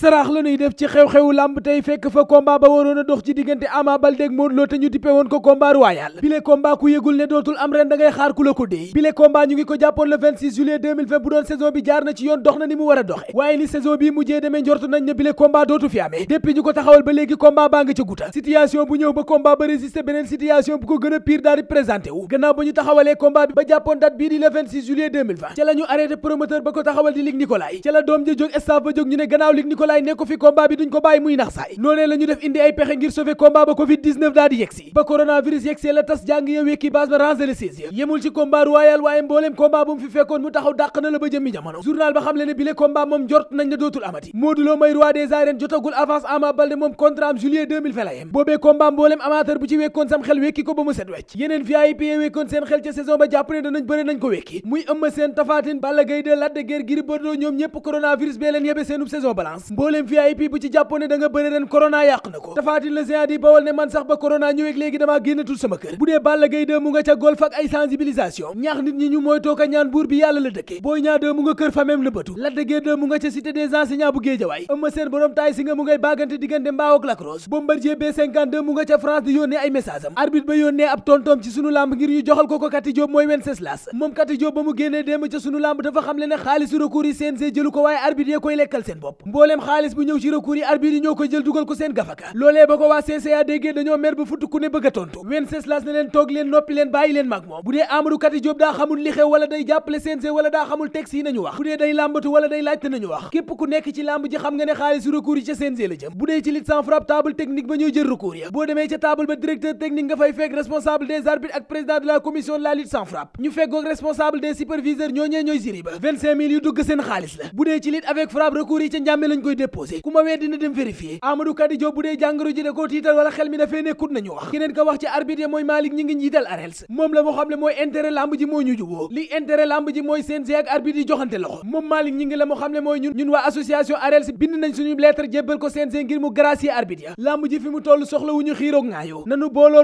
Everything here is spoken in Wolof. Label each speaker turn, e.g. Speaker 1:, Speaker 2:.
Speaker 1: saraax la nuy def ci xew-xewu làmb tey fekk fa combat ba waroon a dox ci diggante Ama Baldé ak Modou te ñu dippe woon ko combat royal bile combat ku yëgul ne dootul am ren da xaar ku la ko déy bile combat ñu ngi ko jàppoon le 26 juillet 2020 bu doon saison bi jaar na ci yoon dox na ni mu war a doxe waaye ni saison bii mujjee demee njortu nañ ne bile combat dootu fi amee depuis ñu ko taxawal ba léegi combat baa nga ca guta situation bu ñëw ba combat ñu taxawalee le 26 juillet 2020 ca la ñu arrêté promoteur ko Nicolas ne ko fi combat bi duñ ko bàyyi muy nax saay noonee la def indi ay pexe ngir sauver combat ba covid 19 daa di yegsi ba coronavirus yegsee la tas jàng yow yekki base ba ranger les sièges yemul ci combat royal waaye mbooleem combat bu mu fi fekkoon mu taxaw dàq na la ba jëmmi jamono journal ba xam le ne bile combat moom njort nañ ne dootul amati Modou may roi des arènes jotagul avance Ama Baldé moom contrat am juillet boobee combat mbooleem amateur mbooleem VIP bu ci jàppoon ne da nga bëre ren corona yàq na ko tafaatin la géant di bawol ne man sax ba corona ñëweeg léegi damaa génnatul sama kër bu dee Balla Gaye 2 mu nga ca golf ak ay sensibilisation ñaax nit ñi ñu mooy tooka ñaan buur bi yàlla la dëkke Boy ñaa 2 mu nga kër famem la bëtu Lac de Guiers 2 mu nga ca cité des enseignants bu Géejawaay Eumeu Sène borom taay si nga mu ngay baagante diggante mbaaw ak Lac Rose Bombardier B52 ay message am arbitre ba yónnee ab tontoom ci sunu lamb joxal ko ko Kati Diop mooy Wenceslas moom Kati Diop ba mu génnee dafa xam ne xaalisu recours yi CNG jëlu ko waaye arbitre koy lekkal seen bopp mbooleem xaalis bu ñëw ci recours yi arbitre yi ñoo ko jël dugal ko seen gafaka loolee ba ko waa CCA déggee dañoo mer ba futt ku ne bëgg a tontu Wenceslas ne leen toog leen noppi leen bàyyi leen mag moom bu dee Amadou Kati Diop daa xamul li xew day jàppale CNG wala daa xamul texte yi nañu wax bu dee day làmbatu wala day laajte nañu wax képp ku nekk ci làmb ji xam nga ne xaalisu recours yi ca CNG la jëm bu dee ci lit sans frappe table technique koy déposé ku ma wee dina dem vérifier Amadou Kadi Diop bu dee jàngoro ji da koo tiital wala xel mi dafee nekkut nañu wax keneen ko wax ci arbitre mooy Malick ñi ngi njiital arels moom la moo xam mooy intérêt lamb ji moo ñu juboo li intérêt lamb ji mooy CNG ak arbitre yi joxante loxo moom Malick ñi ngi la moo xam mooy ñun waa association arels bind nañ suñu lettre jébbal ko CNG ngir mu gracier arbitre ya lamb ji fi mu toll soxla wu ñu xiiroog ŋaayoo nanu booloo